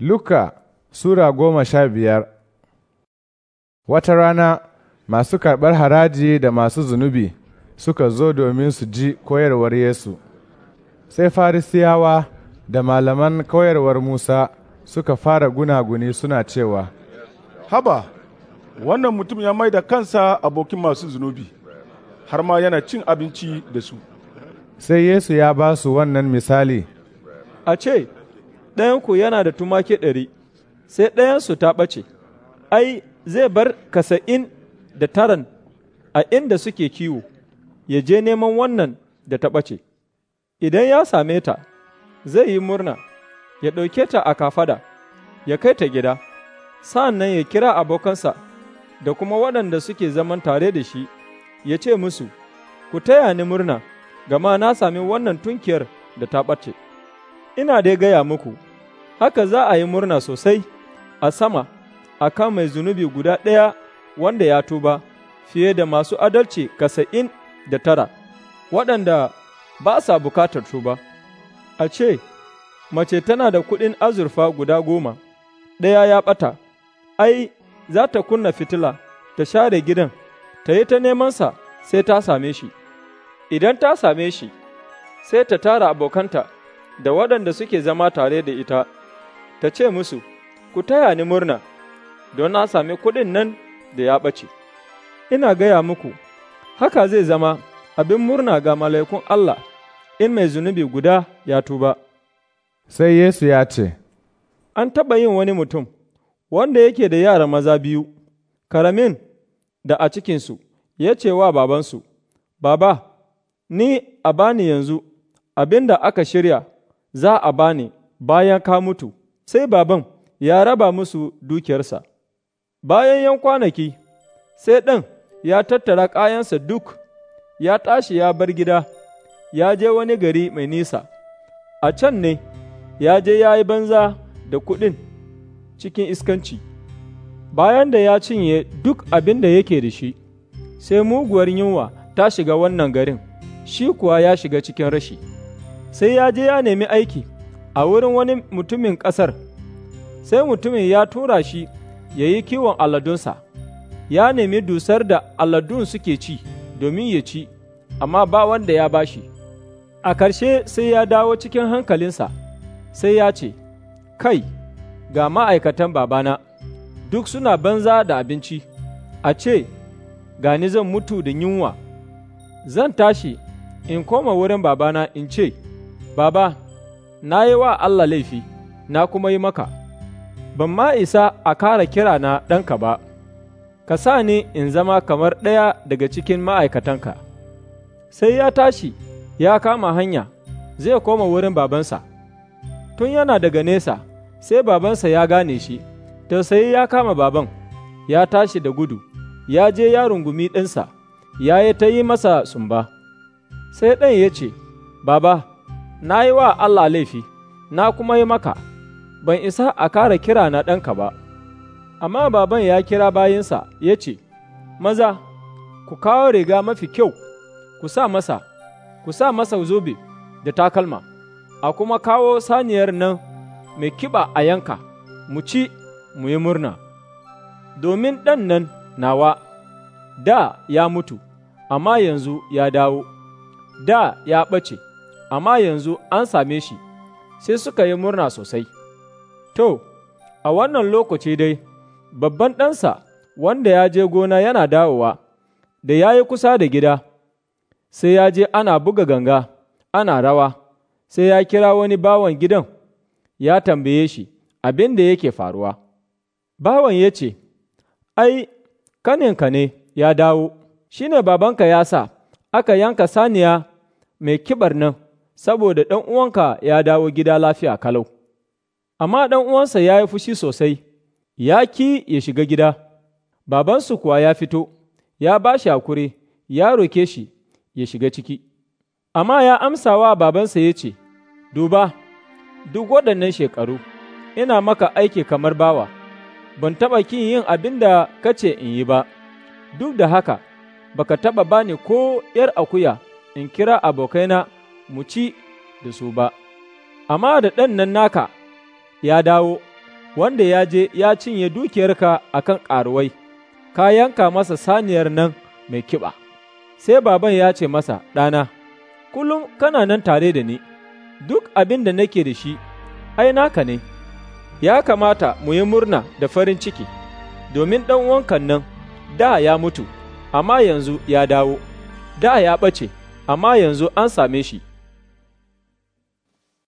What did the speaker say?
Luka Sura goma sha biyar Wata rana masu karɓar haraji da masu zunubi suka zo domin su ji koyarwar Yesu, sai Farisiyawa da malaman koyarwar Musa suka fara gunaguni suna cewa, Haba, wannan mutum ya mai da kansa abokin masu zunubi, har ma yana cin abinci da su. Sai Yesu ya ba su wannan misali. A ce, ɗayanku yana da tumaki ɗari, sai ɗayansu ta ɓace, ai, zai bar kasa'in da taran a inda suke kiwo, ya je neman wannan da ta ɓace, idan ya same ta, zai yi murna, ya ɗauke ta a kafada, ya kai ta gida, sa'an nan ya kira abokansa da kuma waɗanda suke zaman tare da shi, ya ce musu, Ku taya ni murna, gama na sami wannan tunkiyar da ta ɓace. Ina dai gaya muku. haka za a yi murna sosai a sama a kan mai zunubi guda ɗaya wanda ya tuba fiye da masu adalci kasa'in da tara waɗanda ba sa bukatar tuba. A ce, mace tana da kuɗin azurfa guda goma, ɗaya ya ɓata, ai, za ta kunna fitila, ta share gidan, ta yi ta nemansa sai ta same shi. Idan ta same shi, sai ta tara abokanta da waɗanda suke zama tare da ita. ta ce musu, Ku taya ni murna, don na sami kuɗin nan da ya ɓace. Ina gaya muku, haka zai zama abin murna ga mala'ikun Allah in mai zunubi guda ya tuba. Sai Yesu ya ce, An taɓa yin wani mutum, wanda yake da yara maza biyu, karamin da a cikinsu, ya ce wa babansu, Baba, ni a bani yanzu abin da aka shirya za a bani bayan ka mutu. sai baban ya raba musu dukiyarsa. Bayan yan kwanaki, sai ɗan ya tattara kayansa duk, ya tashi ya bar gida, ya je wani gari mai nisa, a can ne ya je ya yi banza da kuɗin cikin iskanci. Bayan da ya cinye duk abin da yake da shi, sai muguwar yunwa ta shiga wannan garin, shi kuwa ya shiga cikin rashi, sai ya je ya nemi aiki. a wurin wani mutumin ƙasar, sai mutumin ya tura shi ya yi kiwon aladunsa, ya nemi dusar da aladun suke ci domin ya ci, amma ba wanda ya shi. A ƙarshe sai ya dawo cikin hankalinsa, sai ya ce, Kai, ga ma'aikatan babana, duk suna banza da abinci, a ce, gani zan mutu da yunwa, zan tashi in koma wurin babana in ce, Baba, na yi wa Allah laifi, na kuma yi maka, ban ma isa a kara kira na ɗanka ba, ka sa ni in zama kamar ɗaya daga cikin ma'aikatanka. Sai ya tashi, ya kama hanya, zai koma wurin babansa. Tun yana daga nesa, sai babansa ya gane shi, ta sai ya kama baban, ya tashi da gudu, ya je ya rungumi ɗinsa, ya yi ta yi masa sumba. Sai ɗan ya ce, Baba, na yi wa Allah laifi, na kuma yi maka, ban isa a kara kira na ɗanka ba. Amma baban ya kira bayinsa ya ce, Maza, ku kawo riga mafi kyau, ku sa masa, ku sa masa zobe da takalma, a kuma kawo saniyar nan mai kiba a yanka, mu ci, mu yi murna. Domin ɗan nan nawa, da ya mutu, amma yanzu ya dawo, da ya ɓace. amma yanzu an same shi, sai suka yi murna sosai. To, a wannan lokaci dai, babban ɗansa wanda ya je gona yana dawowa, da ya yi kusa da gida, sai ya je ana buga ganga, ana rawa, sai ya kira wani bawan gidan, ya tambaye shi abin da yake faruwa. Bawan ya ce, Ai, kaninka ne ya dawo, shi ne babanka ya sa, aka yanka saniya mai kibar nan. saboda ɗan uwanka ya dawo gida lafiya kalau, amma ɗan uwansa ya yi fushi sosai, ya ki ya shiga gida, babansu kuwa ya fito, ya ba shi hakuri, ya roke shi ya shiga ciki. Amma ya amsa wa babansa ya ce, Duba, duk waɗannan shekaru, ina maka aiki kamar bawa, ban taɓa kin yin abin da ka ce in yi ba, duk da haka, baka taɓa bani ko ’yar akuya in kira abokaina. mu ci da su ba, amma da ɗan nan naka ya dawo, wanda ya je ya cinye dukiyarka a kan ƙaruwai, ka yanka masa saniyar nan mai kiɓa. Sai baban ya ce masa, ɗana, kullum kana nan tare da ni, duk abin da nake da shi, ai naka ne, ya kamata mu yi murna da farin ciki, domin ɗan wankan nan da ya mutu, amma yanzu ya dawo, da ya ɓace, amma yanzu an same shi.